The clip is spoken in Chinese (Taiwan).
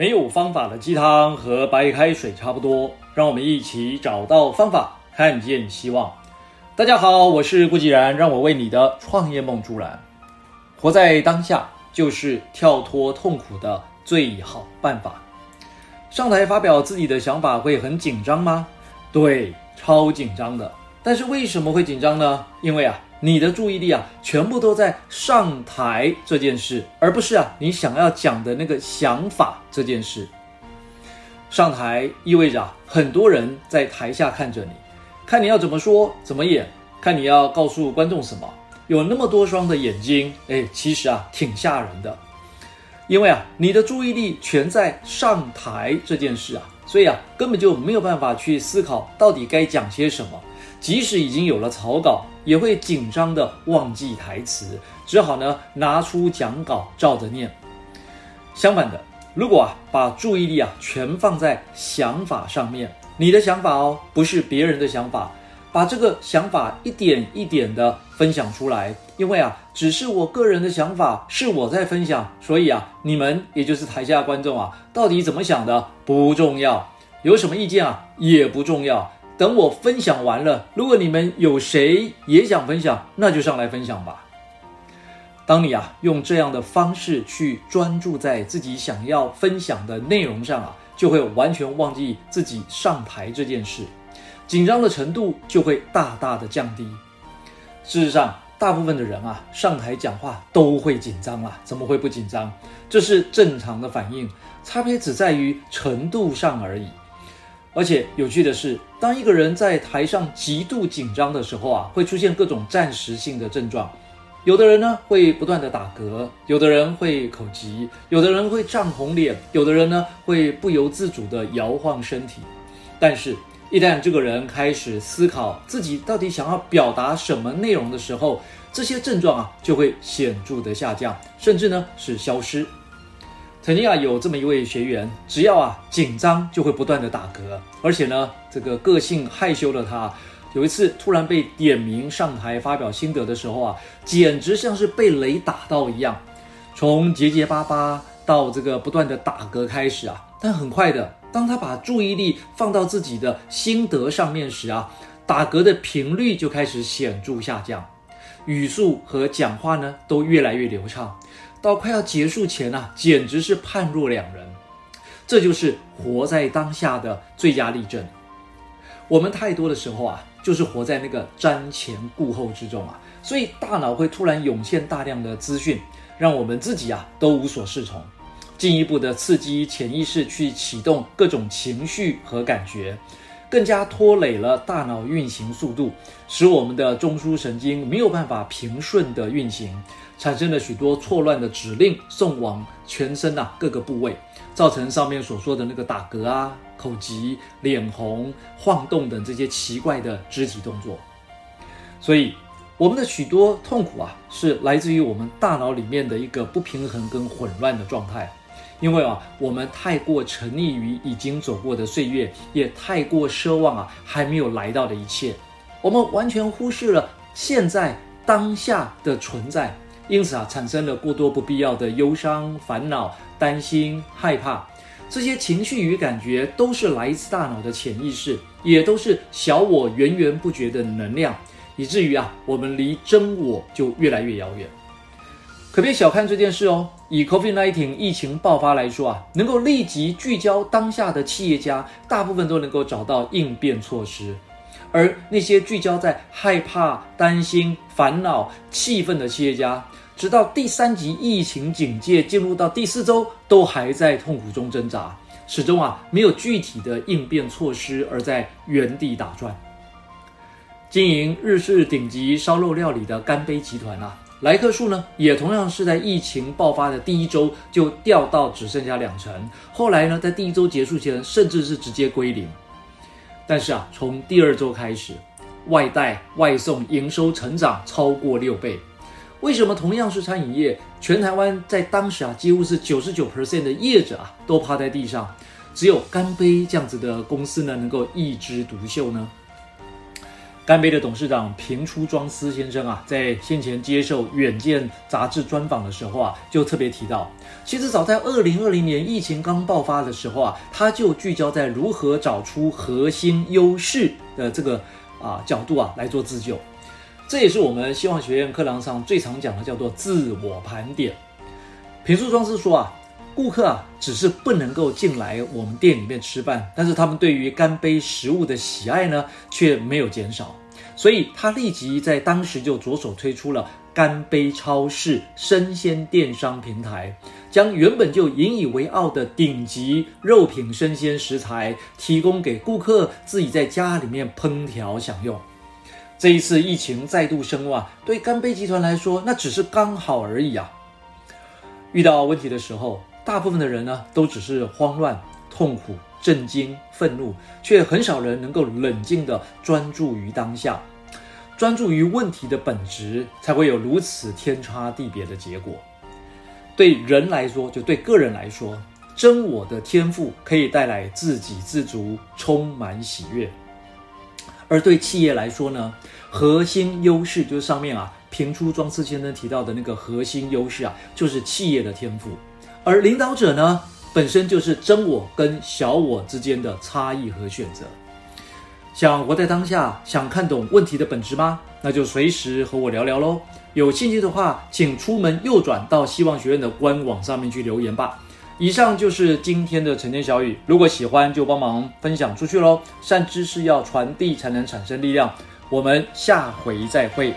沒有方法的雞湯和白開水差不多，讓我們一起找到方法，看見希望。大家好，我是顧繼然，讓我為你的創業夢助燃。活在當下就是跳脫痛苦的最好辦法。上台發表自己的想法會很緊張嗎？對，超緊張的。但是為什麼會緊張呢？因為啊。你的注意力啊，全部都在上台這件事，而不是啊你想要講的那個想法這件事。上台意味着啊，很多人在台下看着你，看你要怎麼說怎麼演，看你要告訴觀眾什麼。有那麼多雙的眼睛，哎，其實啊挺嚇人的。因為啊你的注意力全在上台這件事啊，所以啊根本就沒有辦法去思考到底該講些什麼。即使已經有了草稿，也會緊張地忘記台詞，只好呢拿出講稿照着念。相反的，如果啊把注意力啊全放在想法上面，你的想法哦不是別人的想法，把這個想法一點一點地分享出來。因為啊只是我個人的想法，是我在分享，所以啊你們也就是台下的觀眾啊到底怎麼想的不重要，有什麼意見啊也不重要。等我分享完了，如果你們有誰也想分享，那就上來分享吧。當你啊用這樣的方式去專注在自己想要分享的內容上啊，就會完全忘記自己上台這件事，緊張的程度就會大大的降低。事實上，大部分的人啊上台講話都會緊張啊，怎麼會不緊張？這是正常的反應，差別只在於程度上而已。而且有趣的是，當一個人在台上極度緊張的時候啊，會出現各種暫時性的症狀。有的人呢會不斷的打嗝，有的人會口急，有的人會漲紅臉，有的人呢會不由自主的搖晃身體。但是，一旦這個人開始思考自己到底想要表達什麼內容的時候，這些症狀啊就會顯著的下降，甚至呢是消失。曾經啊，有這麼一位學員，只要啊緊張就會不斷的打嗝，而且呢，這個個性害羞的他，有一次突然被點名上台發表心得的時候啊，簡直像是被雷打到一樣，從結結巴巴到這個不斷的打嗝開始啊，但很快的，當他把注意力放到自己的心得上面時啊，打嗝的頻率就開始顯著下降，語速和講話呢都越來越流暢。到快要結束前啊，簡直是判若兩人。這就是活在當下的最佳例證。我們太多的時候啊，就是活在那個瞻前顧後之中啊，所以大腦會突然湧現大量的資訊，讓我們自己啊都無所適從，進一步的刺激潛意識去啟動各種情緒和感覺。更加拖累了大腦運行速度，使我們的中樞神經沒有辦法平順的運行，產生了許多錯亂的指令送往全身吶、啊、各個部位，造成上面所說的那個打嗝啊、口疾、臉紅、晃動等這些奇怪的肢體動作。所以，我們的許多痛苦啊，是來自於我們大腦裡面的一個不平衡跟混亂的狀態。因為啊，我們太過沉溺於已經走過的歲月，也太過奢望啊，還沒有來到的一切，我們完全忽視了現在當下的存在，因此啊，產生了過多不必要的憂傷、煩惱、擔心、害怕，這些情緒與感覺都是來自大腦的潛意識，也都是小我源源不絕的能量，以至於啊，我們離真我就越來越遙遠。可別小看這件事哦！以 COVID-19 疫情爆發來說啊，能夠立即聚焦當下的企業家，大部分都能夠找到應變措施；而那些聚焦在害怕、擔心、煩惱、氣憤的企業家，直到第三級疫情警戒進入到第四週，都還在痛苦中掙扎，始終啊沒有具體的應變措施，而在原地打轉。經營日式頂級燒肉料理的乾杯集團啊。來客數呢，也同樣是在疫情爆發的第一周就掉到只剩下兩成，後來呢，在第一周結束前，甚至是直接歸零。但是啊，從第二周開始，外帶、外送營收成長超過六倍。為什麼同樣是餐飲業，全台灣在當時啊，幾乎是九十九 percent 的業者啊，都趴在地上，只有乾杯這樣子的公司呢，能夠一枝獨秀呢？乾杯的董事長平出莊司先生啊，在先前接受《遠見》雜誌專訪的時候啊，就特別提到，其實早在二零二零年疫情剛爆發的時候啊，他就聚焦在如何找出核心優勢的這個啊、呃、角度啊來做自救，這也是我們希望學院課堂上最常講的，叫做自我盤點。平出莊司說啊。顧客啊，只是不能夠進來我們店裡面吃飯，但是他們對於乾杯食物的喜愛呢卻沒有減少，所以他立即在當時就着手推出了乾杯超市生鮮電商平台，將原本就引以為傲的頂級肉品生鮮食材提供給顧客自己在家裡面烹調享用。這一次疫情再度升溫啊，對乾杯集團來說那只是剛好而已啊！遇到問題的時候。大部分的人呢，都只是慌亂、痛苦、震驚、憤怒，卻很少人能夠冷靜地專注於當下，專注於問題的本質，才會有如此天差地別的結果。對人來說，就對個人來說，真我的天賦可以帶來自給自足、充滿喜悅；而對企業來說呢，核心優勢就是上面啊，平出莊司先生提到的那個核心優勢啊，就是企業的天賦。而領導者呢，本身就是真我跟小我之間的差異和選擇。想活在當下，想看懂問題的本質嗎？那就隨時和我聊聊嘍。有興趣的話，請出門右轉到希望學院的官網上面去留言吧。以上就是今天的晨間小語。如果喜歡，就幫忙分享出去嘍。善知識要傳遞，才能產生力量。我們下回再會。